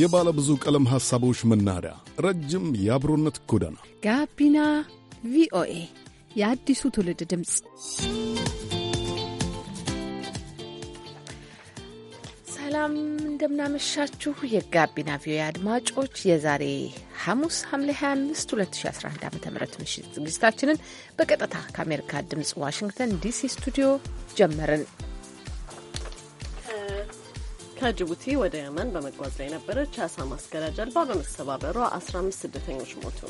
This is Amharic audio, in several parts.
የባለ ብዙ ቀለም ሐሳቦች መናኸሪያ፣ ረጅም የአብሮነት ጎዳና፣ ጋቢና ቪኦኤ የአዲሱ ትውልድ ድምፅ። ሰላም እንደምናመሻችሁ የጋቢና ቪኦኤ አድማጮች የዛሬ ሐሙስ ሐምሌ 25 2011 ዓ ም ምሽት ዝግጅታችንን በቀጥታ ከአሜሪካ ድምፅ ዋሽንግተን ዲሲ ስቱዲዮ ጀመርን። ከጅቡቲ ወደ የመን በመጓዝ ላይ የነበረች የአሳ ማስገሪያ ጀልባ በመሰባበሯ 15 ስደተኞች ሞቱ።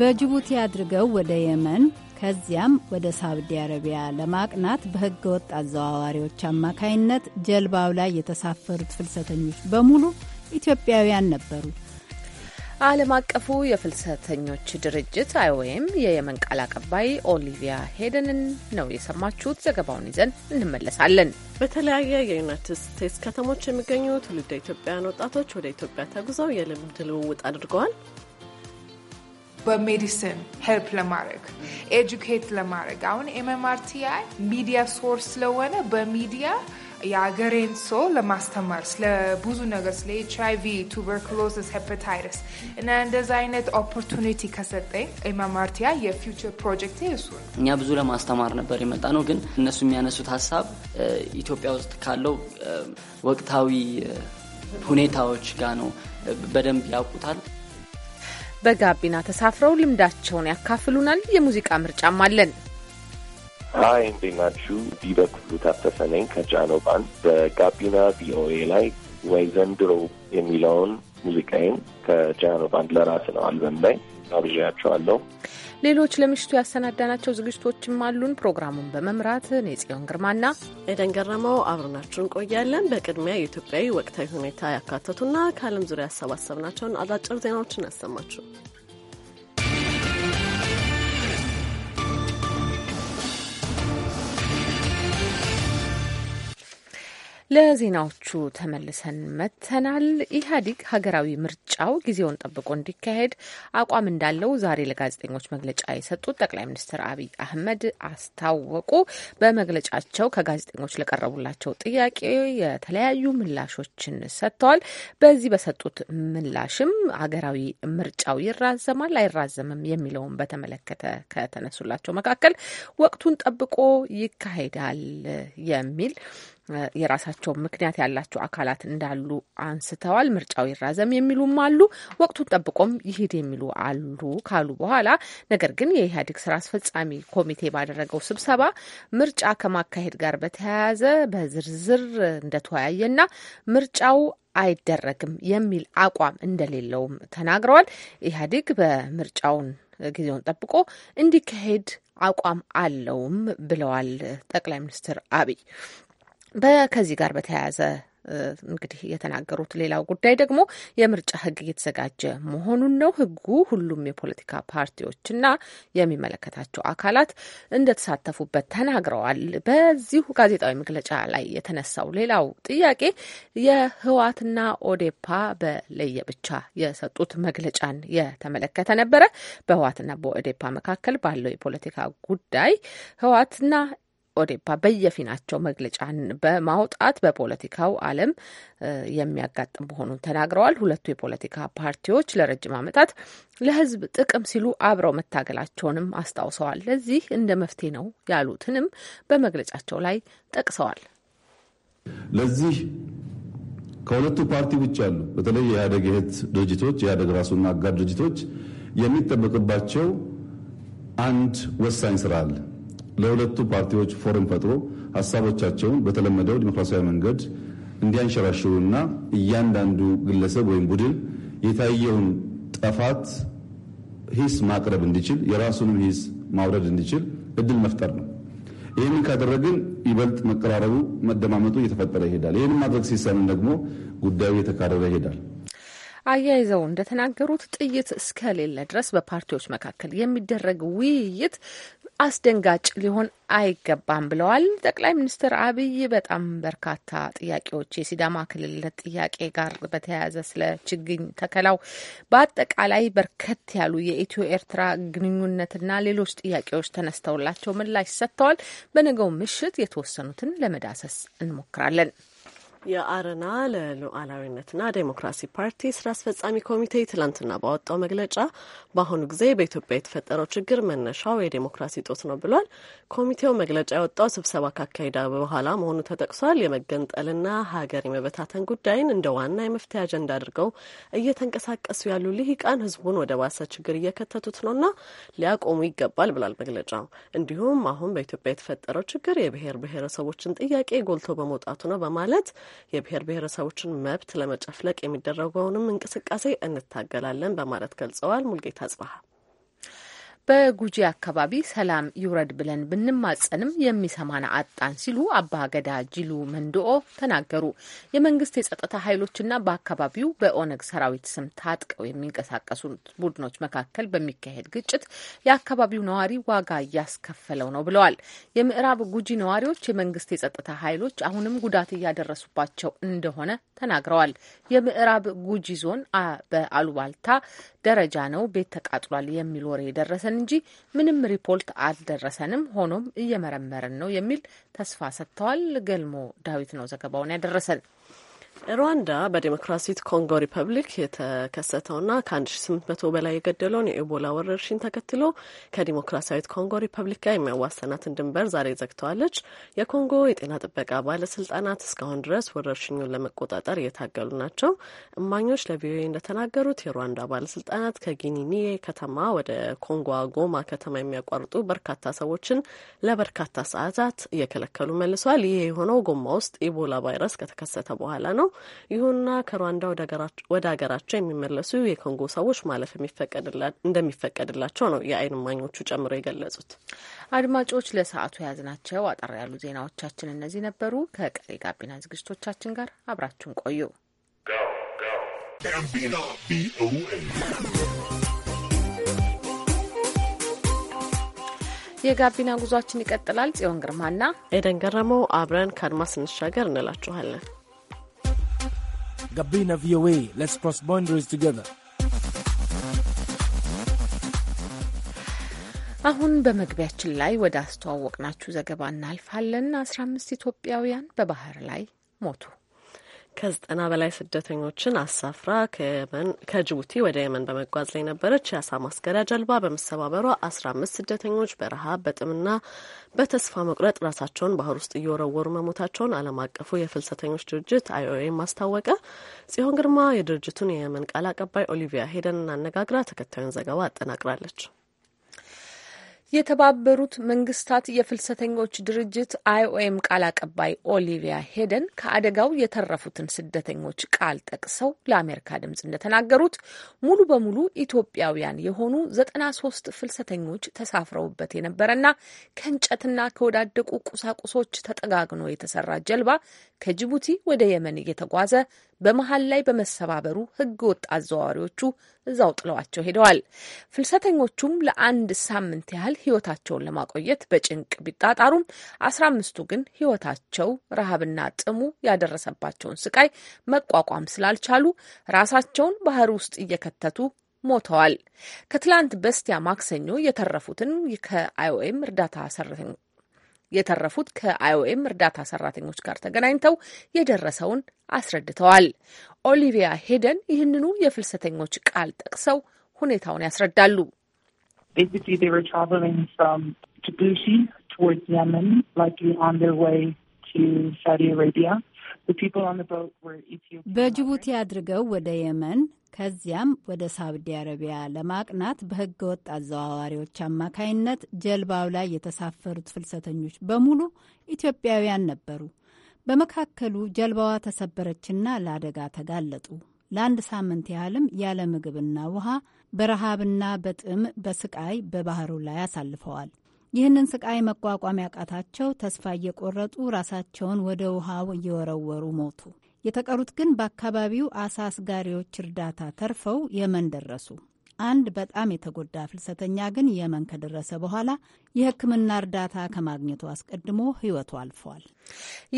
በጅቡቲ አድርገው ወደ የመን ከዚያም ወደ ሳውዲ አረቢያ ለማቅናት በሕገ ወጥ አዘዋዋሪዎች አማካይነት ጀልባው ላይ የተሳፈሩት ፍልሰተኞች በሙሉ ኢትዮጵያውያን ነበሩ። ዓለም አቀፉ የፍልሰተኞች ድርጅት አይኦኤም የየመን ቃል አቀባይ ኦሊቪያ ሄደንን ነው የሰማችሁት። ዘገባውን ይዘን እንመለሳለን። በተለያየ የዩናይትድ ስቴትስ ከተሞች የሚገኙ ትውልደ ኢትዮጵያውያን ወጣቶች ወደ ኢትዮጵያ ተጉዘው የልምድ ልውውጥ አድርገዋል። በሜዲሲን ሄልፕ ለማድረግ ኤጁኬት ለማድረግ አሁን ኤምኤምአርቲአይ ሚዲያ ሶርስ ስለሆነ በሚዲያ የአገሬን ሰው ለማስተማር ስለ ብዙ ነገር ስለ ኤች አይ ቪ፣ ቱበርክሎስስ፣ ሄፐታይተስ እና እንደዛ አይነት ኦፖርቱኒቲ ከሰጠኝ ማማርቲያ የፊውቸር ፕሮጀክት እሱ እኛ ብዙ ለማስተማር ነበር የመጣ ነው። ግን እነሱ የሚያነሱት ሀሳብ ኢትዮጵያ ውስጥ ካለው ወቅታዊ ሁኔታዎች ጋር ነው። በደንብ ያውቁታል። በጋቢና ተሳፍረው ልምዳቸውን ያካፍሉናል። የሙዚቃ ምርጫም አለን። ሀይ እንዴት ናችሁ? ዲበኩሉ ታፈሰ ነኝ ከጃኖ ባንድ በጋቢና ቪኦኤ ላይ ወይ ዘንድሮ የሚለውን ሙዚቃዬን ከጃኖ ባንድ ለራስ ነው አልበም ላይ አብዣያቸዋለሁ። ሌሎች ለምሽቱ ያሰናዳናቸው ዝግጅቶችም አሉን። ፕሮግራሙን በመምራት እኔ ጽዮን ግርማና ኤደን ገረመው አብረናችሁ እንቆያለን። በቅድሚያ የኢትዮጵያዊ ወቅታዊ ሁኔታ ያካተቱና ከዓለም ዙሪያ ያሰባሰብናቸውን አጫጭር ዜናዎችን ያሰማችሁ ለዜናዎቹ ተመልሰን መተናል። ኢህአዴግ ሀገራዊ ምርጫው ጊዜውን ጠብቆ እንዲካሄድ አቋም እንዳለው ዛሬ ለጋዜጠኞች መግለጫ የሰጡት ጠቅላይ ሚኒስትር አብይ አህመድ አስታወቁ። በመግለጫቸው ከጋዜጠኞች ለቀረቡላቸው ጥያቄ የተለያዩ ምላሾችን ሰጥተዋል። በዚህ በሰጡት ምላሽም ሀገራዊ ምርጫው ይራዘማል አይራዘምም የሚለውን በተመለከተ ከተነሱላቸው መካከል ወቅቱን ጠብቆ ይካሄዳል የሚል የራሳቸው ምክንያት ያላቸው አካላት እንዳሉ አንስተዋል። ምርጫው ይራዘም የሚሉም አሉ፣ ወቅቱን ጠብቆም ይሄድ የሚሉ አሉ ካሉ በኋላ ነገር ግን የኢህአዴግ ስራ አስፈጻሚ ኮሚቴ ባደረገው ስብሰባ ምርጫ ከማካሄድ ጋር በተያያዘ በዝርዝር እንደተወያየና ምርጫው አይደረግም የሚል አቋም እንደሌለውም ተናግረዋል። ኢህአዴግ በምርጫውን ጊዜውን ጠብቆ እንዲካሄድ አቋም አለውም ብለዋል ጠቅላይ ሚኒስትር አብይ ከዚህ ጋር በተያያዘ እንግዲህ የተናገሩት ሌላው ጉዳይ ደግሞ የምርጫ ሕግ እየተዘጋጀ መሆኑን ነው። ሕጉ ሁሉም የፖለቲካ ፓርቲዎችና የሚመለከታቸው አካላት እንደተሳተፉበት ተናግረዋል። በዚሁ ጋዜጣዊ መግለጫ ላይ የተነሳው ሌላው ጥያቄ የህወሓትና ኦዴፓ በለየ ብቻ የሰጡት መግለጫን የተመለከተ ነበረ። በህወሓትና በኦዴፓ መካከል ባለው የፖለቲካ ጉዳይ ህወሓትና ኦዴፓ በየፊናቸው መግለጫን በማውጣት በፖለቲካው ዓለም የሚያጋጥም መሆኑን ተናግረዋል። ሁለቱ የፖለቲካ ፓርቲዎች ለረጅም ዓመታት ለሕዝብ ጥቅም ሲሉ አብረው መታገላቸውንም አስታውሰዋል። ለዚህ እንደ መፍትሄ ነው ያሉትንም በመግለጫቸው ላይ ጠቅሰዋል። ለዚህ ከሁለቱ ፓርቲ ውጭ ያሉ በተለይ የኢህአደግ እህት ድርጅቶች የኢህአደግ ራሱና አጋር ድርጅቶች የሚጠበቅባቸው አንድ ወሳኝ ስራ አለ። ለሁለቱ ፓርቲዎች ፎረም ፈጥሮ ሀሳቦቻቸውን በተለመደው ዲሞክራሲያዊ መንገድ እንዲያንሸራሽሩና እያንዳንዱ ግለሰብ ወይም ቡድን የታየውን ጠፋት ሂስ ማቅረብ እንዲችል የራሱንም ሂስ ማውረድ እንዲችል እድል መፍጠር ነው። ይህንን ካደረግን ይበልጥ መቀራረቡ፣ መደማመጡ እየተፈጠረ ይሄዳል። ይህንን ማድረግ ሲሳንን ደግሞ ጉዳዩ እየተካረረ ይሄዳል። አያይዘው እንደተናገሩት ጥይት እስከሌለ ድረስ በፓርቲዎች መካከል የሚደረግ ውይይት አስደንጋጭ ሊሆን አይገባም ብለዋል። ጠቅላይ ሚኒስትር አብይ በጣም በርካታ ጥያቄዎች የሲዳማ ክልልነት ጥያቄ ጋር በተያያዘ ስለ ችግኝ ተከላው፣ በአጠቃላይ በርከት ያሉ የኢትዮ ኤርትራ ግንኙነትና ሌሎች ጥያቄዎች ተነስተውላቸው ምላሽ ሰጥተዋል። በነገው ምሽት የተወሰኑትን ለመዳሰስ እንሞክራለን። የአረና ለሉዓላዊነትና ዴሞክራሲ ፓርቲ ስራ አስፈጻሚ ኮሚቴ ትላንትና ባወጣው መግለጫ በአሁኑ ጊዜ በኢትዮጵያ የተፈጠረው ችግር መነሻው የዴሞክራሲ ጦት ነው ብሏል። ኮሚቴው መግለጫ ያወጣው ስብሰባ ካካሄደ በኋላ መሆኑ ተጠቅሷል። የመገንጠልና ሀገር የመበታተን ጉዳይን እንደ ዋና የመፍትሄ አጀንዳ አድርገው እየተንቀሳቀሱ ያሉ ልሂቃን ህዝቡን ወደ ባሰ ችግር እየከተቱት ነውና ሊያቆሙ ይገባል ብሏል መግለጫው። እንዲሁም አሁን በኢትዮጵያ የተፈጠረው ችግር የብሔር ብሔረሰቦችን ጥያቄ ጎልቶ በመውጣቱ ነው በማለት የብሔር ብሔረሰቦችን መብት ለመጨፍለቅ የሚደረገውንም እንቅስቃሴ እንታገላለን በማለት ገልጸዋል። ሙልጌታ ጽባሀ በጉጂ አካባቢ ሰላም ይውረድ ብለን ብንማጸንም የሚሰማን አጣን ሲሉ አባገዳ ጅሉ መንድኦ ተናገሩ። የመንግስት የጸጥታ ኃይሎችና በአካባቢው በኦነግ ሰራዊት ስም ታጥቀው የሚንቀሳቀሱ ቡድኖች መካከል በሚካሄድ ግጭት የአካባቢው ነዋሪ ዋጋ እያስከፈለው ነው ብለዋል። የምዕራብ ጉጂ ነዋሪዎች የመንግስት የጸጥታ ኃይሎች አሁንም ጉዳት እያደረሱባቸው እንደሆነ ተናግረዋል። የምዕራብ ጉጂ ዞን በአሉባልታ ደረጃ ነው ቤት ተቃጥሏል የሚል ወሬ የደረሰን ደረሰን እንጂ ምንም ሪፖርት አልደረሰንም፣ ሆኖም እየመረመርን ነው የሚል ተስፋ ሰጥተዋል። ገልሞ ዳዊት ነው ዘገባውን ያደረሰን። ሩዋንዳ በዴሞክራሲት ኮንጎ ሪፐብሊክ የተከሰተውና ከ1800 በላይ የገደለውን የኢቦላ ወረርሽኝ ተከትሎ ከዲሞክራሲያዊት ኮንጎ ሪፐብሊክ ጋር የሚያዋሰናትን ድንበር ዛሬ ዘግተዋለች። የኮንጎ የጤና ጥበቃ ባለስልጣናት እስካሁን ድረስ ወረርሽኙን ለመቆጣጠር እየታገሉ ናቸው። እማኞች ለቪኦኤ እንደተናገሩት የሩዋንዳ ባለስልጣናት ከጊኒኒዬ ከተማ ወደ ኮንጎ ጎማ ከተማ የሚያቋርጡ በርካታ ሰዎችን ለበርካታ ሰዓታት እየከለከሉ መልሰዋል። ይህ የሆነው ጎማ ውስጥ ኢቦላ ቫይረስ ከተከሰተ በኋላ ነው። ነው። ይሁንና ከሩዋንዳ ወደ ሀገራቸው የሚመለሱ የኮንጎ ሰዎች ማለፍ እንደሚፈቀድላቸው ነው የአይን እማኞቹ ጨምሮ የገለጹት። አድማጮች፣ ለሰዓቱ የያዝናቸው አጠር ያሉ ዜናዎቻችን እነዚህ ነበሩ። ከቀሪ ጋቢና ዝግጅቶቻችን ጋር አብራችሁን ቆዩ። የጋቢና ጉዟችን ይቀጥላል። ጽዮን ግርማና ኤደን ገረመው አብረን ከአድማስ ስንሻገር እንላችኋለን። Gabina VOA. Let's cross boundaries together. አሁን በመግቢያችን ላይ ወደ አስተዋወቅናችሁ ዘገባ እናልፋለን። አስራ አምስት ኢትዮጵያውያን በባህር ላይ ሞቱ። ከዘጠና በላይ ስደተኞችን አሳፍራ ከጅቡቲ ወደ የመን በመጓዝ ላይ ነበረች። የአሳ ማስገሪያ ጀልባ በመሰባበሯ አስራ አምስት ስደተኞች በረሃብ በጥምና በተስፋ መቁረጥ ራሳቸውን ባህር ውስጥ እየወረወሩ መሞታቸውን ዓለም አቀፉ የፍልሰተኞች ድርጅት አይኦኤም አስታወቀ። ጽዮን ግርማ የድርጅቱን የየመን ቃል አቀባይ ኦሊቪያ ሄደን አነጋግራ ተከታዩን ዘገባ አጠናቅራለች። የተባበሩት መንግስታት የፍልሰተኞች ድርጅት አይኦኤም ቃል አቀባይ ኦሊቪያ ሄደን ከአደጋው የተረፉትን ስደተኞች ቃል ጠቅሰው ለአሜሪካ ድምጽ እንደተናገሩት ሙሉ በሙሉ ኢትዮጵያውያን የሆኑ ዘጠና ሶስት ፍልሰተኞች ተሳፍረውበት የነበረና ከእንጨትና ከወዳደቁ ቁሳቁሶች ተጠጋግኖ የተሰራ ጀልባ ከጅቡቲ ወደ የመን እየተጓዘ በመሀል ላይ በመሰባበሩ ህገ ወጥ አዘዋዋሪዎቹ እዛው ጥለዋቸው ሄደዋል። ፍልሰተኞቹም ለአንድ ሳምንት ያህል ህይወታቸውን ለማቆየት በጭንቅ ቢጣጣሩም አስራ አምስቱ ግን ህይወታቸው ረሃብና ጥሙ ያደረሰባቸውን ስቃይ መቋቋም ስላልቻሉ ራሳቸውን ባህር ውስጥ እየከተቱ ሞተዋል። ከትላንት በስቲያ ማክሰኞ የተረፉትን ከአይኦኤም እርዳታ የተረፉት ከአይኦኤም እርዳታ ሰራተኞች ጋር ተገናኝተው የደረሰውን አስረድተዋል። ኦሊቪያ ሄደን ይህንኑ የፍልሰተኞች ቃል ጠቅሰው ሁኔታውን ያስረዳሉ። በጅቡቲ አድርገው ወደ የመን ከዚያም ወደ ሳውዲ አረቢያ ለማቅናት በሕገ ወጥ አዘዋዋሪዎች አማካይነት ጀልባው ላይ የተሳፈሩት ፍልሰተኞች በሙሉ ኢትዮጵያውያን ነበሩ። በመካከሉ ጀልባዋ ተሰበረችና ለአደጋ ተጋለጡ። ለአንድ ሳምንት ያህልም ያለ ምግብና ውሃ በረሃብና በጥም በስቃይ በባህሩ ላይ አሳልፈዋል። ይህንን ስቃይ መቋቋም ያቃታቸው ተስፋ እየቆረጡ ራሳቸውን ወደ ውሃው እየወረወሩ ሞቱ። የተቀሩት ግን በአካባቢው አሳ አስጋሪዎች እርዳታ ተርፈው የመን ደረሱ። አንድ በጣም የተጎዳ ፍልሰተኛ ግን የመን ከደረሰ በኋላ የሕክምና እርዳታ ከማግኘቱ አስቀድሞ ሕይወቱ አልፏል።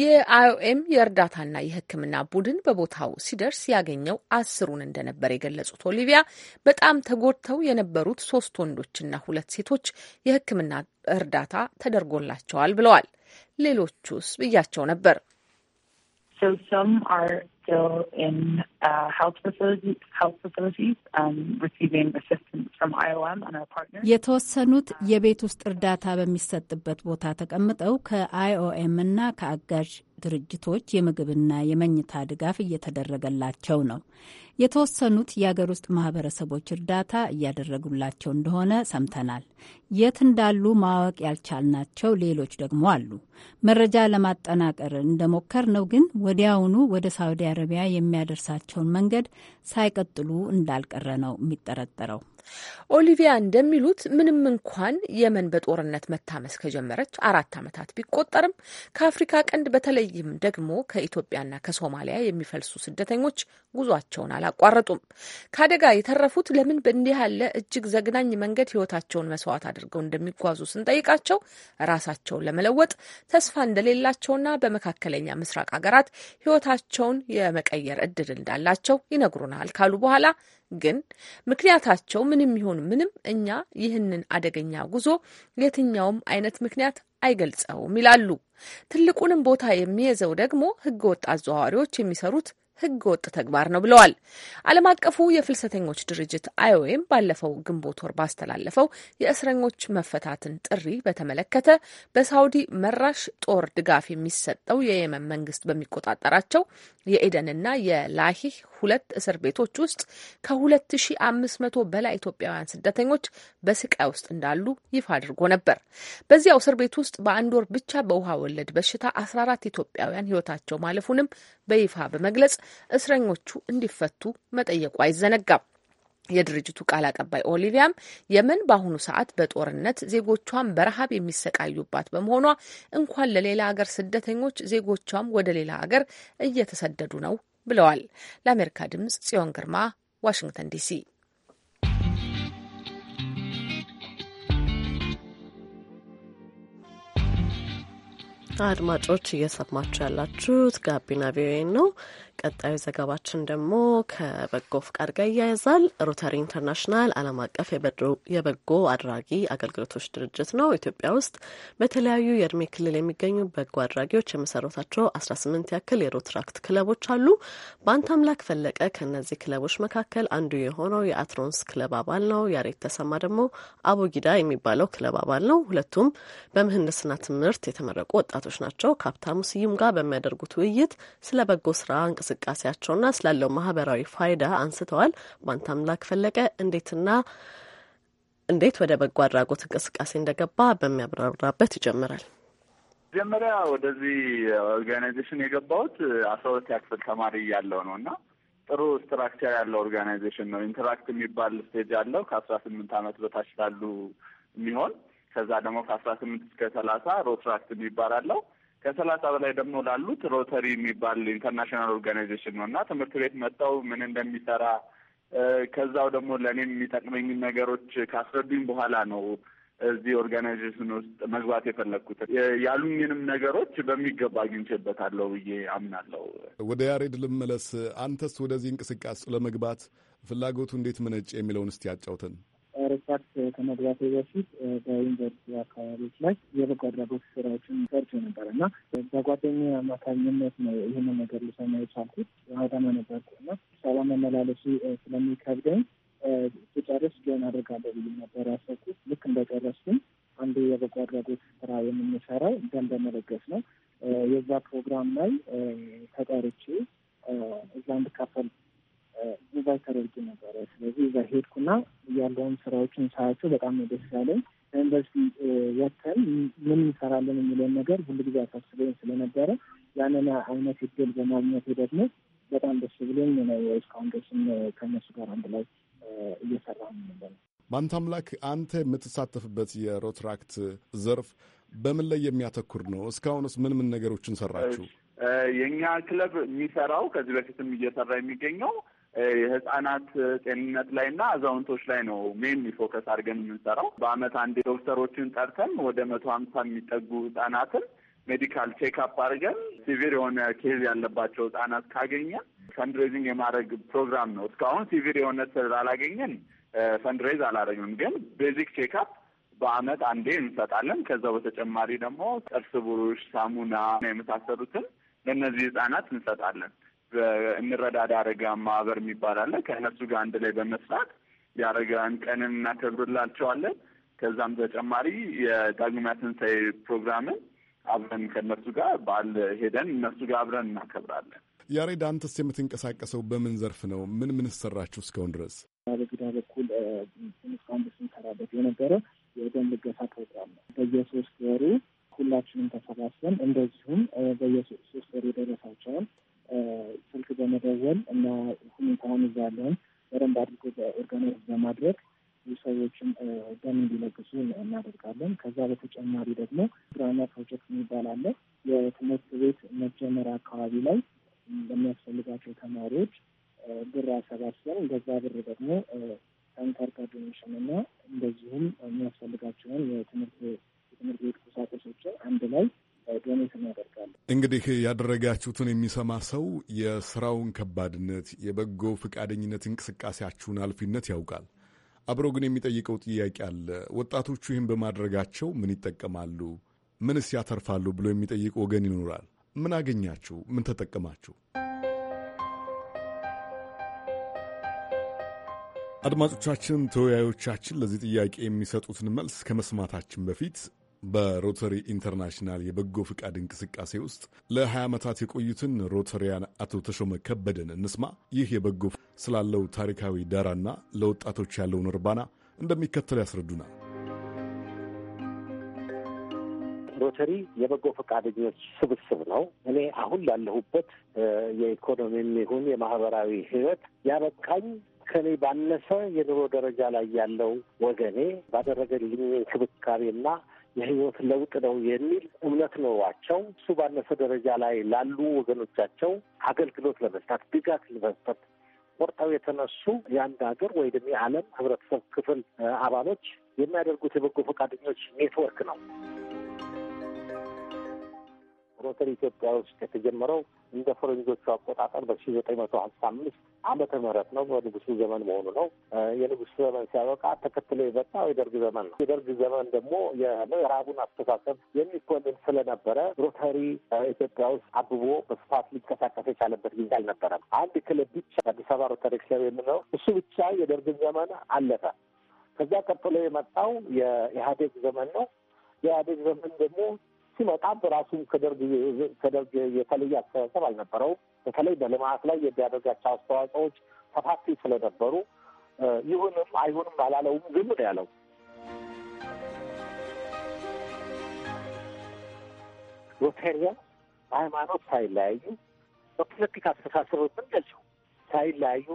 የአይኦኤም የእርዳታና የሕክምና ቡድን በቦታው ሲደርስ ያገኘው አስሩን እንደነበር የገለጹት ኦሊቪያ በጣም ተጎድተው የነበሩት ሶስት ወንዶችና ሁለት ሴቶች የሕክምና እርዳታ ተደርጎላቸዋል ብለዋል። ሌሎቹስ ብያቸው ነበር። still in uh, health facilities, health facilities um, receiving assistance from IOM and our partners. የተወሰኑት የቤት ውስጥ እርዳታ በሚሰጥበት ቦታ ተቀምጠው ከአይኦኤም እና ከአጋዥ ድርጅቶች የምግብና የመኝታ ድጋፍ እየተደረገላቸው ነው። የተወሰኑት የአገር ውስጥ ማህበረሰቦች እርዳታ እያደረጉላቸው እንደሆነ ሰምተናል። የት እንዳሉ ማወቅ ያልቻልናቸው ሌሎች ደግሞ አሉ። መረጃ ለማጠናቀር እንደሞከር ነው ግን ወዲያውኑ ወደ ሳውዲ አረቢያ የሚያደርሳቸውን መንገድ ሳይቀጥሉ እንዳልቀረ ነው የሚጠረጠረው። ኦሊቪያ እንደሚሉት ምንም እንኳን የመን በጦርነት መታመስ ከጀመረች አራት ዓመታት ቢቆጠርም ከአፍሪካ ቀንድ በተለይም ደግሞ ከኢትዮጵያና ከሶማሊያ የሚፈልሱ ስደተኞች ጉዟቸውን አላቋረጡም። ከአደጋ የተረፉት ለምን በእንዲህ ያለ እጅግ ዘግናኝ መንገድ ሕይወታቸውን መስዋዕት አድርገው እንደሚጓዙ ስንጠይቃቸው ራሳቸውን ለመለወጥ ተስፋ እንደሌላቸውና በመካከለኛ ምስራቅ ሀገራት ሕይወታቸውን የመቀየር እድል እንዳላቸው ይነግሩናል ካሉ በኋላ ግን ምክንያታቸው ምንም ይሁን ምንም እኛ ይህንን አደገኛ ጉዞ የትኛውም አይነት ምክንያት አይገልጸውም ይላሉ። ትልቁንም ቦታ የሚይዘው ደግሞ ህገወጥ አዘዋዋሪዎች የሚሰሩት ህገ ወጥ ተግባር ነው ብለዋል። ዓለም አቀፉ የፍልሰተኞች ድርጅት አይኦኤም ባለፈው ግንቦት ወር ባስተላለፈው የእስረኞች መፈታትን ጥሪ በተመለከተ በሳውዲ መራሽ ጦር ድጋፍ የሚሰጠው የየመን መንግስት በሚቆጣጠራቸው የኤደንና የላሂህ ሁለት እስር ቤቶች ውስጥ ከ2500 በላይ ኢትዮጵያውያን ስደተኞች በስቃይ ውስጥ እንዳሉ ይፋ አድርጎ ነበር። በዚያው እስር ቤት ውስጥ በአንድ ወር ብቻ በውሃ ወለድ በሽታ 14 ኢትዮጵያውያን ሕይወታቸው ማለፉንም በይፋ በመግለጽ እስረኞቹ እንዲፈቱ መጠየቁ አይዘነጋም። የድርጅቱ ቃል አቀባይ ኦሊቪያም የመን በአሁኑ ሰዓት በጦርነት ዜጎቿን በረሃብ የሚሰቃዩባት በመሆኗ እንኳን ለሌላ ሀገር ስደተኞች ዜጎቿም ወደ ሌላ ሀገር እየተሰደዱ ነው ብለዋል። ለአሜሪካ ድምጽ ጽዮን ግርማ ዋሽንግተን ዲሲ። አድማጮች እየሰማችሁ ያላችሁት ጋቢና ቪኦኤ ነው። ቀጣዩ ዘገባችን ደግሞ ከበጎ ፍቃድ ጋር እያያዛል። ሮተሪ ኢንተርናሽናል ዓለም አቀፍ የበጎ አድራጊ አገልግሎቶች ድርጅት ነው። ኢትዮጵያ ውስጥ በተለያዩ የእድሜ ክልል የሚገኙ በጎ አድራጊዎች የመሰረታቸው አስራ ስምንት ያክል የሮትራክት ክለቦች አሉ። በአንተ አምላክ ፈለቀ ከእነዚህ ክለቦች መካከል አንዱ የሆነው የአትሮንስ ክለብ አባል ነው። ያሬት ተሰማ ደግሞ አቡጊዳ የሚባለው ክለብ አባል ነው። ሁለቱም በምህንድስና ትምህርት የተመረቁ ወጣቶች ናቸው። ከሀብታሙ ስዩም ጋር በሚያደርጉት ውይይት ስለ በጎ ስራ እንቅስ እንቅስቃሴያቸውና ስላለው ማህበራዊ ፋይዳ አንስተዋል። አምላክ ፈለቀ እንዴትና እንዴት ወደ በጎ አድራጎት እንቅስቃሴ እንደገባ በሚያብራራበት ይጀምራል። መጀመሪያ ወደዚህ ኦርጋናይዜሽን የገባሁት አስራ ሁለት ያክፍል ተማሪ እያለሁ ነው እና ጥሩ ስትራክቸር ያለው ኦርጋናይዜሽን ነው። ኢንተራክት የሚባል ስቴጅ አለው ከአስራ ስምንት ዓመት በታች ላሉ የሚሆን ከዛ ደግሞ ከአስራ ስምንት እስከ ሰላሳ ሮትራክት የሚባል አለው ከሰላሳ በላይ ደግሞ ላሉት ሮተሪ የሚባል ኢንተርናሽናል ኦርጋናይዜሽን ነው እና ትምህርት ቤት መጥተው ምን እንደሚሰራ ከዛው ደግሞ ለእኔ የሚጠቅመኝ ነገሮች ካስረዱኝ በኋላ ነው እዚህ ኦርጋናይዜሽን ውስጥ መግባት የፈለግኩት ያሉኝንም ነገሮች በሚገባ አግኝቼበታለሁ ብዬ አምናለሁ። ወደ ያሬድ ልመለስ። አንተስ ወደዚህ እንቅስቃሴ ለመግባት ፍላጎቱ እንዴት መነጭ የሚለውን እስቲ ያጫውተን። ሪፖርት ከመግባቴ በፊት በዩኒቨርሲቲ አካባቢዎች ላይ የበጎ አድራጎት ስራዎችን ሰርቶ ነበር እና በጓደኛ አማካኝነት ነው ይህን ነገር ልሰማ የቻልኩት። አዳማ ነበርኩ እና ሰባ መመላለሱ ስለሚከብደኝ ስጨርስ ጆን አድርጋለሁ ብዬ ነበር ያሰብኩት። ልክ እንደጨረስኩም አንዱ የበጎ አድራጎት ስራ የምንሰራው ደም መለገስ ነው። የዛ ፕሮግራም ላይ ተጠርቼ እዛ እንድካፈል ኢንቫይት ተደርጌ ነበረ። ስለዚህ እዛ ሄድኩና ያለውን ስራዎችን ሳያቸው በጣም ነው ደስ ያለኝ። ዩኒቨርሲቲ ወጥተን ምን እንሰራለን የሚለውን ነገር ሁሉ ጊዜ አሳስበኝ ስለነበረ ያንን አይነት እድል በማግኘቴ ደግሞ በጣም ደስ ብሎኝ ነው እስካሁን ደስም ከእነሱ ጋር አንድ ላይ እየሰራ ነው። በአንተ አምላክ አንተ የምትሳተፍበት የሮትራክት ዘርፍ በምን ላይ የሚያተኩር ነው? እስካሁንስ ምን ምን ነገሮችን ሰራችሁ? የእኛ ክለብ የሚሰራው ከዚህ በፊትም እየሰራ የሚገኘው የህጻናት ጤንነት ላይ እና አዛውንቶች ላይ ነው ሜን ፎከስ አድርገን የምንሰራው። በአመት አንዴ ዶክተሮችን ጠርተን ወደ መቶ ሀምሳ የሚጠጉ ህጻናትን ሜዲካል ቼክአፕ አድርገን ሲቪር የሆነ ኬዝ ያለባቸው ህጻናት ካገኘን ፈንድሬዚንግ የማድረግ ፕሮግራም ነው። እስካሁን ሲቪር የሆነ አላገኘን ፈንድሬዝ አላደረግንም፣ ግን ቤዚክ ቼክአፕ በአመት አንዴ እንሰጣለን። ከዛ በተጨማሪ ደግሞ ጥርስ ብሩሽ፣ ሳሙና የመሳሰሉትን ለእነዚህ ህጻናት እንሰጣለን። እንረዳዳ አረጋውያን ማህበር የሚባል አለ። ከእነሱ ጋር አንድ ላይ በመስራት የአረጋን ቀንን እናከብርላቸዋለን። ከዛም ተጨማሪ የዳግማዊ ትንሣኤ ፕሮግራምን አብረን ከእነሱ ጋር በዓል ሄደን እነሱ ጋር አብረን እናከብራለን። ያሬድ፣ አንተስ የምትንቀሳቀሰው በምን ዘርፍ ነው? ምን ምን ሰራችሁ እስካሁን ድረስ? በግዳ በኩል እስካሁን ድረስ የነበረ የደም ልገሳ ፕሮግራም ነው። በየሶስት ወሩ ሁላችንም ተሰባስበን እንደዚሁም በየሶስት ወሩ የደረሳቸውን ስልክ በመደወል እና ሁኔታውን እዛ ያለውን በደንብ አድርጎ በኦርጋናይዝ በማድረግ ሰዎችን ደም እንዲለግሱ እናደርጋለን። ከዛ በተጨማሪ ደግሞ ብራና ፕሮጀክት የሚባል አለ። የትምህርት ቤት መጀመሪያ አካባቢ ላይ ለሚያስፈልጋቸው ተማሪዎች ብር አሰባስበን በዛ ብር ደግሞ ፓን ካርድ እና እንደዚሁም የሚያስፈልጋቸውን የትምህርት የትምህርት ቤት ቁሳቁሶችን አንድ ላይ ዶኔት እናደርጋለን። እንግዲህ ያደረጋችሁትን የሚሰማ ሰው የስራውን ከባድነት የበጎ ፈቃደኝነት እንቅስቃሴያችሁን አልፊነት ያውቃል። አብሮ ግን የሚጠይቀው ጥያቄ አለ። ወጣቶቹ ይህን በማድረጋቸው ምን ይጠቀማሉ፣ ምንስ ያተርፋሉ ብሎ የሚጠይቅ ወገን ይኖራል። ምን አገኛችሁ? ምን ተጠቀማችሁ? አድማጮቻችን፣ ተወያዮቻችን ለዚህ ጥያቄ የሚሰጡትን መልስ ከመስማታችን በፊት በሮተሪ ኢንተርናሽናል የበጎ ፍቃድ እንቅስቃሴ ውስጥ ለ20 ዓመታት የቆዩትን ሮተሪያን አቶ ተሾመ ከበደን እንስማ። ይህ የበጎ ስላለው ታሪካዊ ዳራና ለወጣቶች ያለውን እርባና እንደሚከተል ያስረዱናል። ሮተሪ የበጎ ፈቃደኞች ስብስብ ነው። እኔ አሁን ላለሁበት የኢኮኖሚም ይሁን የማህበራዊ ህይወት ያበቃኝ ከኔ ባነሰ የኑሮ ደረጃ ላይ ያለው ወገኔ ባደረገልኝ እንክብካቤና የህይወት ለውጥ ነው የሚል እምነት ኖሯቸው እሱ ባነሰ ደረጃ ላይ ላሉ ወገኖቻቸው አገልግሎት ለመስጠት ድጋፍ ለመስጠት ቆርጠው የተነሱ የአንድ ሀገር ደግሞ የዓለም ህብረተሰብ ክፍል አባሎች የሚያደርጉት የበጎ ፈቃደኞች ኔትወርክ ነው። ሮተሪ ኢትዮጵያ ውስጥ የተጀመረው እንደ ፈረንጆቹ አቆጣጠር በሺ ዘጠኝ መቶ ሀምሳ አምስት አመተ ምህረት ነው። በንጉሱ ዘመን መሆኑ ነው። የንጉሱ ዘመን ሲያበቃ ተከትሎ የመጣው የደርግ ዘመን ነው። የደርግ ዘመን ደግሞ የምዕራቡን አስተሳሰብ የሚኮንን ስለነበረ ሮተሪ ኢትዮጵያ ውስጥ አብቦ በስፋት ሊንቀሳቀስ የቻለበት ጊዜ አልነበረም። አንድ ክለብ ብቻ አዲስ አበባ ሮተሪ ክለብ የምንለው እሱ ብቻ የደርግን ዘመን አለፈ። ከዛ ቀጥሎ የመጣው የኢህአዴግ ዘመን ነው። የኢህአዴግ ዘመን ደግሞ ሲመጣ በራሱ ከደርግ የተለየ አስተሳሰብ አልነበረውም። በተለይ በልማት ላይ የሚያደርጋቸው አስተዋጽኦዎች ሰፋፊ ስለነበሩ ይሁንም አይሁንም አላለውም፣ ዝም ነው ያለው። ሮቴሪያ በሃይማኖት ሳይለያዩ በፖለቲካ አስተሳሰብ የምንገልጸው ሳይለያዩ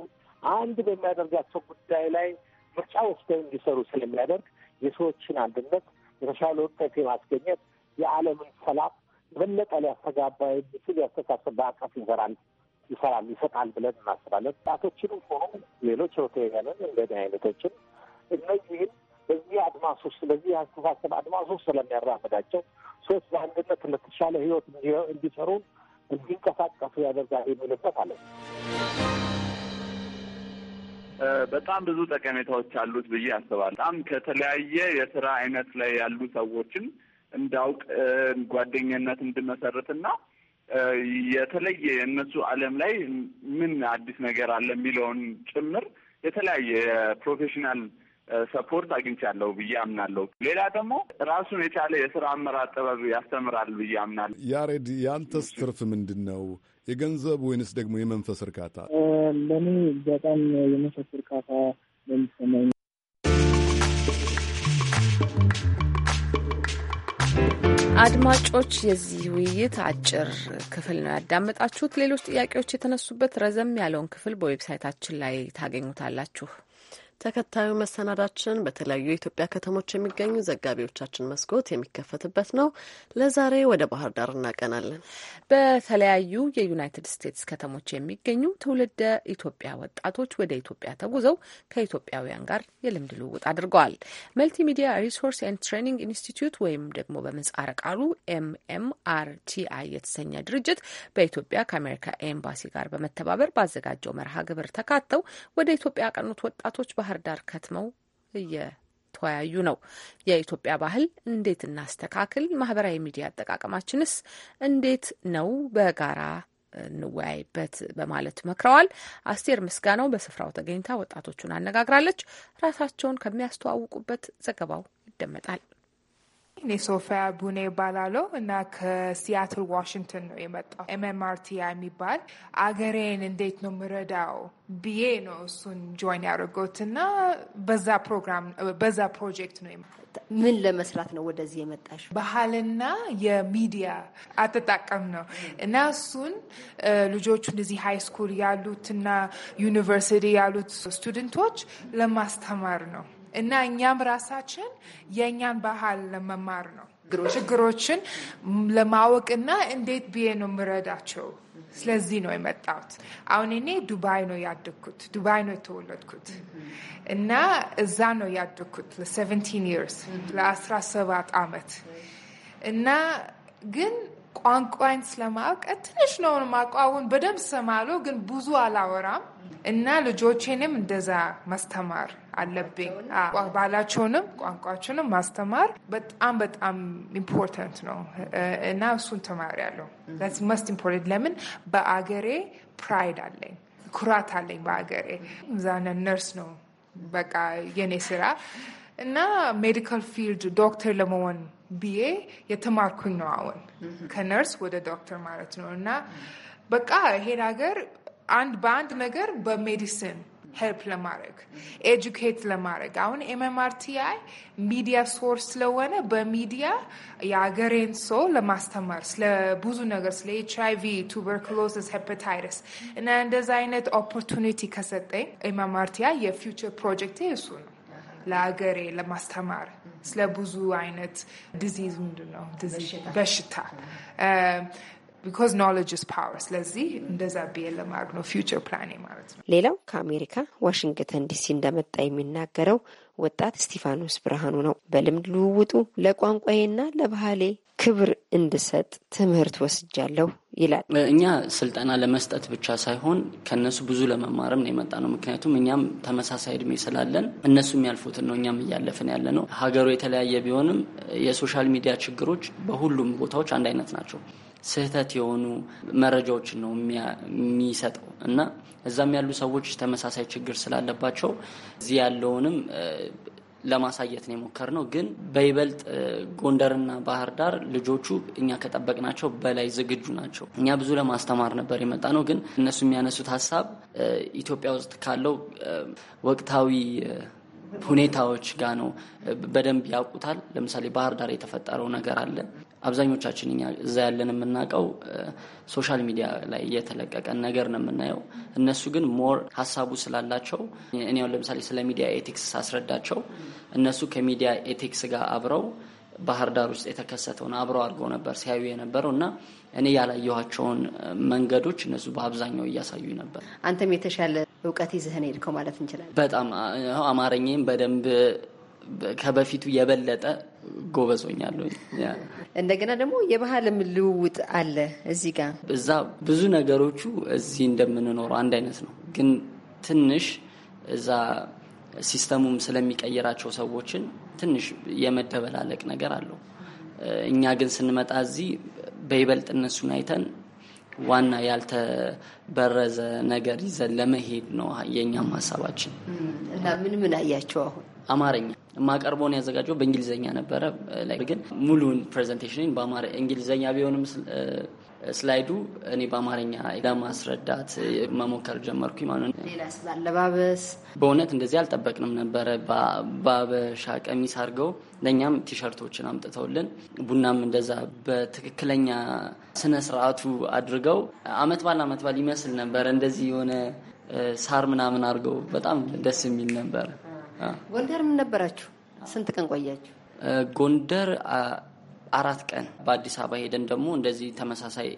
አንድ በሚያደርጋቸው ጉዳይ ላይ ምርጫ ወስደው እንዲሰሩ ስለሚያደርግ የሰዎችን አንድነት የተሻለ ውጤት የማስገኘት የዓለምን ሰላም የበለጠ ሊያስተጋባ የሚችል ያስተሳሰብ ማዕቀፍ ይሰራል ይሰራል ይሰጣል ብለን እናስባለን። ጣቶችንም ሆኖ ሌሎች ሮቴሪያንን እንደኔ አይነቶችን እነዚህን በዚህ አድማስ ውስጥ በዚህ የአስተሳሰብ አድማስ ውስጥ ስለሚያራምዳቸው ሶስት በአንድነት ለተሻለ ህይወት እንዲሰሩ እንዲንቀሳቀሱ ያደርጋል የሚልበት አለ። በጣም ብዙ ጠቀሜታዎች አሉት ብዬ አስባለሁ። በጣም ከተለያየ የስራ አይነት ላይ ያሉ ሰዎችን እንዳውቅ ጓደኝነት እንድመሰርትና የተለየ የእነሱ ዓለም ላይ ምን አዲስ ነገር አለ የሚለውን ጭምር የተለያየ ፕሮፌሽናል ሰፖርት አግኝቻለሁ ብዬ አምናለሁ። ሌላ ደግሞ ራሱን የቻለ የስራ አመራር ጥበብ ያስተምራል ብዬ አምናለሁ። ያሬድ፣ የአንተስ ትርፍ ምንድን ነው? የገንዘብ ወይንስ ደግሞ የመንፈስ እርካታ? ለእኔ በጣም የመንፈስ እርካታ ለሚሰማኝ አድማጮች የዚህ ውይይት አጭር ክፍል ነው ያዳመጣችሁት። ሌሎች ጥያቄዎች የተነሱበት ረዘም ያለውን ክፍል በዌብሳይታችን ላይ ታገኙታላችሁ። ተከታዩ መሰናዳችን በተለያዩ የኢትዮጵያ ከተሞች የሚገኙ ዘጋቢዎቻችን መስኮት የሚከፈትበት ነው። ለዛሬ ወደ ባህር ዳር እናቀናለን። በተለያዩ የዩናይትድ ስቴትስ ከተሞች የሚገኙ ትውልደ ኢትዮጵያ ወጣቶች ወደ ኢትዮጵያ ተጉዘው ከኢትዮጵያውያን ጋር የልምድ ልውውጥ አድርገዋል። መልቲሚዲያ ሪሶርስ ኤንድ ትሬኒንግ ኢንስቲትዩት ወይም ደግሞ በምህጻረ ቃሉ ኤምኤምአርቲአይ የተሰኘ ድርጅት በኢትዮጵያ ከአሜሪካ ኤምባሲ ጋር በመተባበር ባዘጋጀው መርሃ ግብር ተካተው ወደ ኢትዮጵያ ያቀኑት ወጣቶች ባህር ዳር ከትመው እየተወያዩ ነው። የኢትዮጵያ ባህል እንዴት እናስተካክል? ማህበራዊ ሚዲያ አጠቃቀማችንስ እንዴት ነው? በጋራ እንወያይበት በማለት መክረዋል። አስቴር ምስጋናው በስፍራው ተገኝታ ወጣቶቹን አነጋግራለች። ራሳቸውን ከሚያስተዋውቁበት ዘገባው ይደመጣል። እኔ ሶፊያ ቡኔ ይባላለው እና ከሲያትል ዋሽንግተን ነው የመጣው። ኤምኤምአርቲ የሚባል አገሬን እንዴት ነው ምረዳው ብዬ ነው እሱን ጆይን ያደርጎት እና በዛ ፕሮግራም በዛ ፕሮጀክት ነው ምን ለመስራት ነው ወደዚህ የመጣሽ? ባህልና የሚዲያ አጠጣቀም ነው እና እሱን ልጆቹ እንደዚህ ሀይ ስኩል ያሉትና ዩኒቨርሲቲ ያሉት ስቱደንቶች ለማስተማር ነው እና እኛም ራሳችን የእኛን ባህል ለመማር ነው ችግሮችን ለማወቅና እንዴት ብዬ ነው የምረዳቸው። ስለዚህ ነው የመጣሁት። አሁን እኔ ዱባይ ነው ያደግኩት፣ ዱባይ ነው የተወለድኩት እና እዛ ነው ያደግኩት ለ17 ይርስ ለ17 ዓመት እና ግን ቋንቋን ስለማውቅ ትንሽ ነው ማቋውን በደንብ ሰማለሁ፣ ግን ብዙ አላወራም እና ልጆቼንም እንደዛ ማስተማር አለብኝ። ባላቸውንም ቋንቋቸውንም ማስተማር በጣም በጣም ኢምፖርታንት ነው እና እሱን ተማሪያለሁ። መስት ኢምፖርታንት ለምን በአገሬ ፕራይድ አለኝ፣ ኩራት አለኝ በአገሬ። ዛነ ነርስ ነው በቃ የኔ ስራ እና ሜዲካል ፊልድ ዶክተር ለመሆን ብዬ የተማርኩኝ ነው። አሁን ከነርስ ወደ ዶክተር ማለት ነው። እና በቃ ይሄን ሀገር አንድ በአንድ ነገር በሜዲሲን ሄልፕ ለማድረግ ኤጁኬት ለማድረግ አሁን ኤምኤምአርቲአይ ሚዲያ ሶርስ ስለሆነ በሚዲያ የአገሬን ሰው ለማስተማር ስለብዙ ነገር ስለ ኤች አይ ቪ፣ ቱበርክሎስስ፣ ሄፐታይተስ እና እንደዚ አይነት ኦፖርቱኒቲ ከሰጠኝ ኤምኤምአርቲአይ የፊውቸር ፕሮጀክቴ እሱ ነው። ለሀገሬ ለማስተማር ስለ ብዙ አይነት ዲዚዝ ምንድን ነው በሽታ ቢኮዝ ኖሌጅ ኢዝ ፓወር። ስለዚህ እንደዛ ብዬ ለማድረግ ነው ፊውቸር ፕላኔ ማለት ነው። ሌላው ከአሜሪካ ዋሽንግተን ዲሲ እንደመጣ የሚናገረው ወጣት እስቲፋኖስ ብርሃኑ ነው። በልምድ ልውውጡ ለቋንቋዬና ለባህሌ ክብር እንድሰጥ ትምህርት ወስጃለሁ ይላል። እኛ ስልጠና ለመስጠት ብቻ ሳይሆን ከነሱ ብዙ ለመማርም ነው የመጣ ነው። ምክንያቱም እኛም ተመሳሳይ እድሜ ስላለን እነሱ የሚያልፉትን ነው እኛም እያለፍን ያለ ነው። ሀገሩ የተለያየ ቢሆንም የሶሻል ሚዲያ ችግሮች በሁሉም ቦታዎች አንድ አይነት ናቸው። ስህተት የሆኑ መረጃዎችን ነው የሚሰጠው እና እዛም ያሉ ሰዎች ተመሳሳይ ችግር ስላለባቸው እዚህ ያለውንም ለማሳየት ነው የሞከር ነው። ግን በይበልጥ ጎንደርና ባህር ዳር ልጆቹ እኛ ከጠበቅናቸው በላይ ዝግጁ ናቸው። እኛ ብዙ ለማስተማር ነበር የመጣ ነው። ግን እነሱ የሚያነሱት ሀሳብ ኢትዮጵያ ውስጥ ካለው ወቅታዊ ሁኔታዎች ጋር ነው። በደንብ ያውቁታል። ለምሳሌ ባህር ዳር የተፈጠረው ነገር አለ። አብዛኞቻችን እኛ እዛ ያለን የምናውቀው ሶሻል ሚዲያ ላይ እየተለቀቀ ነገር ነው የምናየው። እነሱ ግን ሞር ሀሳቡ ስላላቸው እኔው ለምሳሌ ስለ ሚዲያ ኤቲክስ ሳስረዳቸው እነሱ ከሚዲያ ኤቲክስ ጋር አብረው ባህር ዳር ውስጥ የተከሰተውን አብረው አድርገው ነበር ሲያዩ የነበረው እና እኔ ያላየኋቸውን መንገዶች እነሱ በአብዛኛው እያሳዩ ነበር። አንተም የተሻለ እውቀት ይዘህን ሄድከው ማለት እንችላለን። በጣም አማርኛም በደንብ ከበፊቱ የበለጠ ጎበዞኛለሁ። እንደገና ደግሞ የባህልም ልውውጥ አለ እዚህ ጋር እዛ ብዙ ነገሮቹ እዚህ እንደምንኖረው አንድ አይነት ነው፣ ግን ትንሽ እዛ ሲስተሙም ስለሚቀይራቸው ሰዎችን ትንሽ የመደበላለቅ ነገር አለው። እኛ ግን ስንመጣ እዚህ በይበልጥ እነሱን አይተን ዋና ያልተበረዘ ነገር ይዘን ለመሄድ ነው የእኛም ሀሳባችን። እና ምን ምን አያቸው አሁን አማርኛ የማቀርበውን ያዘጋጀው በእንግሊዝኛ ነበረ። ግን ሙሉን ፕሬዘንቴሽን እንግሊዝኛ ቢሆንም ስላይዱ እኔ በአማርኛ ለማስረዳት መሞከር ጀመርኩ ማለት ነው። ሌላ በእውነት እንደዚህ አልጠበቅንም ነበረ። በአበሻ ቀሚስ አድርገው ለእኛም ቲሸርቶችን አምጥተውልን ቡናም እንደዛ በትክክለኛ ስነ ስርዓቱ አድርገው አመት ባል አመት ባል ይመስል ነበረ። እንደዚህ የሆነ ሳር ምናምን አድርገው በጣም ደስ የሚል ነበረ። ጎንደር ምን ነበራችሁ? ስንት ቀን ቆያችሁ? ጎንደር አራት ቀን በአዲስ አበባ ሄደን ደግሞ እንደዚህ ተመሳሳይ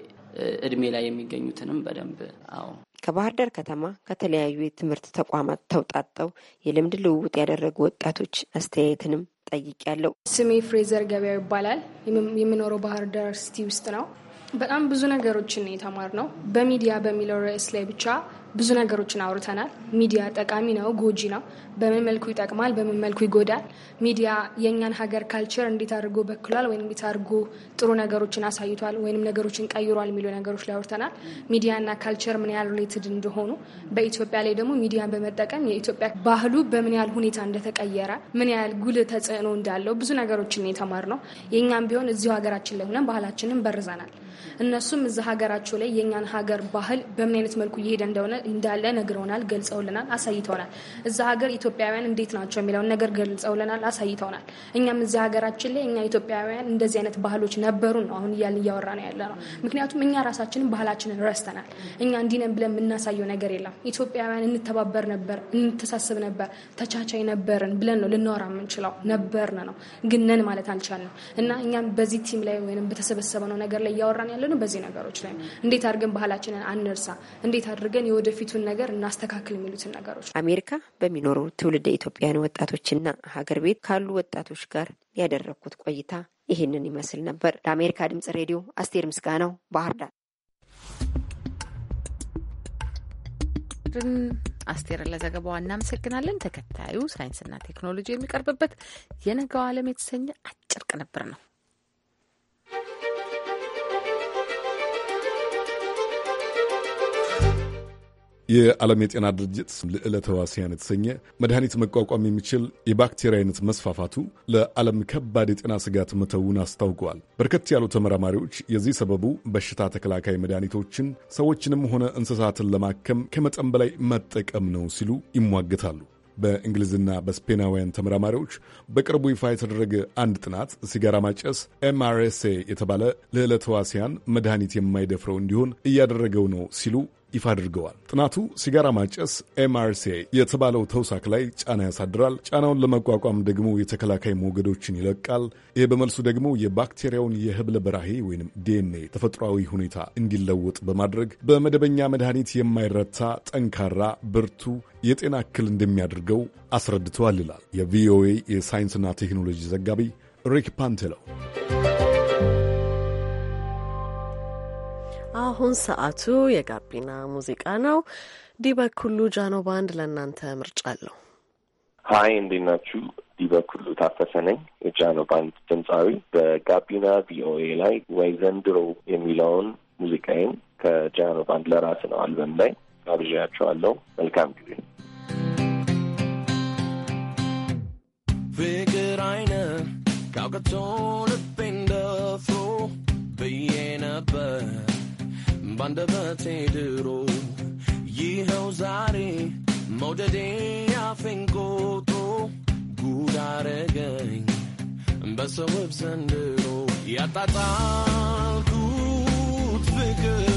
እድሜ ላይ የሚገኙትንም በደንብ አዎ። ከባህር ዳር ከተማ ከተለያዩ የትምህርት ተቋማት ተውጣጠው የልምድ ልውውጥ ያደረጉ ወጣቶች አስተያየትንም ጠይቅ ያለው ስሜ ፍሬዘር ገበያው ይባላል። የምኖረው ባህር ዳር ሲቲ ውስጥ ነው። በጣም ብዙ ነገሮችን የተማር ነው በሚዲያ በሚለው ርዕስ ላይ ብቻ ብዙ ነገሮችን አውርተናል። ሚዲያ ጠቃሚ ነው፣ ጎጂ ነው፣ በምን መልኩ ይጠቅማል፣ በምን መልኩ ይጎዳል፣ ሚዲያ የእኛን ሀገር ካልቸር እንዴት አድርጎ በክሏል ወይም እንዴት አድርጎ ጥሩ ነገሮችን አሳይቷል ወይም ነገሮችን ቀይሯል የሚሉ ነገሮች ላይ አውርተናል። ሚዲያና ካልቸር ምን ያህል ሪሌትድ እንደሆኑ፣ በኢትዮጵያ ላይ ደግሞ ሚዲያን በመጠቀም የኢትዮጵያ ባህሉ በምን ያህል ሁኔታ እንደተቀየረ፣ ምን ያህል ጉልህ ተጽዕኖ እንዳለው ብዙ ነገሮችን የተማርነው የእኛም ቢሆን እዚሁ ሀገራችን ላይ ሆነን ባህላችንን በርዘናል። እነሱም እዛ ሀገራቸው ላይ የእኛን ሀገር ባህል በምን አይነት መልኩ እየሄደ እንደሆነ እንዳለ ነግረውናል፣ ገልጸውልናል፣ አሳይተውናል። እዛ ሀገር ኢትዮጵያውያን እንዴት ናቸው የሚለውን ነገር ገልጸውልናል፣ አሳይተውናል። እኛም እዛ ሀገራችን ላይ እኛ ኢትዮጵያውያን እንደዚህ አይነት ባህሎች ነበሩን ነው አሁን እያልን እያወራ ነው ያለ ነው። ምክንያቱም እኛ ራሳችንን ባህላችንን ረስተናል። እኛ እንዲነን ብለን የምናሳየው ነገር የለም። ኢትዮጵያውያን እንተባበር ነበር፣ እንተሳስብ ነበር፣ ተቻቻይ ነበርን ብለን ነው ልናወራ የምንችለው። ነበርን ነው ግን ነን ማለት አልቻልንም እና እኛም በዚህ ቲም ላይ ወይም በተሰበሰበ ነው ነገር ላይ እያወራ እየሰራን ያለ ነው በዚህ ነገሮች ላይ እንዴት አድርገን ባህላችንን አንርሳ፣ እንዴት አድርገን የወደፊቱን ነገር እናስተካክል የሚሉትን ነገሮች አሜሪካ በሚኖሩ ትውልደ ኢትዮጵያውያን ወጣቶችና ሀገር ቤት ካሉ ወጣቶች ጋር ያደረግኩት ቆይታ ይህንን ይመስል ነበር። ለአሜሪካ ድምጽ ሬዲዮ አስቴር ምስጋናው ባህር ዳር። አስቴር ለዘገባዋ እናመሰግናለን። ተከታዩ ሳይንስና ቴክኖሎጂ የሚቀርብበት የነገው ዓለም የተሰኘ አጭር ቅንብር ነው። የዓለም የጤና ድርጅት ልዕለ ተዋሲያን የተሰኘ መድኃኒት መቋቋም የሚችል የባክቴሪያ አይነት መስፋፋቱ ለዓለም ከባድ የጤና ስጋት መተውን አስታውቀዋል። በርከት ያሉ ተመራማሪዎች የዚህ ሰበቡ በሽታ ተከላካይ መድኃኒቶችን ሰዎችንም ሆነ እንስሳትን ለማከም ከመጠን በላይ መጠቀም ነው ሲሉ ይሟገታሉ። በእንግሊዝና በስፔናውያን ተመራማሪዎች በቅርቡ ይፋ የተደረገ አንድ ጥናት ሲጋራ ማጨስ ኤምአርኤስኤ የተባለ ልዕለ ተዋሲያን መድኃኒት የማይደፍረው እንዲሆን እያደረገው ነው ሲሉ ይፋ አድርገዋል። ጥናቱ ሲጋራ ማጨስ ኤምአርሲኤ የተባለው ተውሳክ ላይ ጫና ያሳድራል፣ ጫናውን ለመቋቋም ደግሞ የተከላካይ ሞገዶችን ይለቃል። ይህ በመልሱ ደግሞ የባክቴሪያውን የህብለ በራሄ ወይም ዲኤንኤ ተፈጥሯዊ ሁኔታ እንዲለወጥ በማድረግ በመደበኛ መድኃኒት የማይረታ ጠንካራ ብርቱ የጤና እክል እንደሚያደርገው አስረድተዋል ይላል የቪኦኤ የሳይንስና ቴክኖሎጂ ዘጋቢ ሪክ ፓንቴሎ። አሁን ሰዓቱ የጋቢና ሙዚቃ ነው። ዲበኩሉ ጃኖ ባንድ ለእናንተ ምርጫ አለው። ሀይ እንዴት ናችሁ? ዲበኩሉ ታፈሰ ነኝ የጃኖ ባንድ ድምፃዊ። በጋቢና ቪኦኤ ላይ ወይ ዘንድሮ የሚለውን ሙዚቃዬን ከጃኖ ባንድ ለራስ ነው አልበም ላይ አብዣያቸዋለሁ። መልካም ጊዜ። ፍቅር አይነት ካውቀቶ ልቤ እንደፍሮ ብዬ ነበር ባንደበቴ ድሮ ይኸው ዛሬ መውደዴ አፌንቆጦ ጉድ አረገኝ በሰው ዘንድሮ ያጣጣልኩት ፍቅር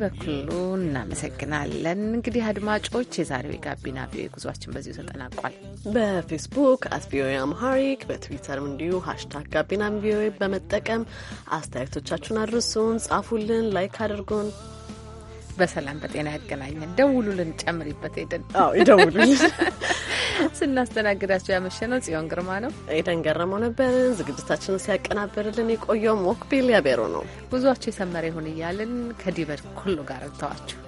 በኩሉ እናመሰግናለን። እንግዲህ አድማጮች የዛሬው የጋቢና ቪኦኤ ጉዟችን በዚሁ ተጠናቋል። በፌስቡክ አት ቪኦኤ አምሃሪክ በትዊተርም እንዲሁ ሀሽታግ ጋቢና ቪኦኤ በመጠቀም አስተያየቶቻችሁን አድርሱን፣ ጻፉልን፣ ላይክ አድርጉን። በሰላም በጤና ያገናኘን። ደውሉልን፣ ጨምሪበት ሄደን ይደውሉልን። ስናስተናግዳቸው ያመሸነው ጽዮን ግርማ ነው። ኤደን ገረመው ነበርን። ዝግጅታችንን ሲያቀናበርልን የቆየው ሞክቢል ያቤሮ ነው። ጉዟቸው የሰመረ ይሁን እያልን ከዲበር ኩሉ ጋር እንተዋችሁ።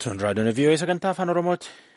Sunt Radio Nevio, isa kan afaan Oromooti.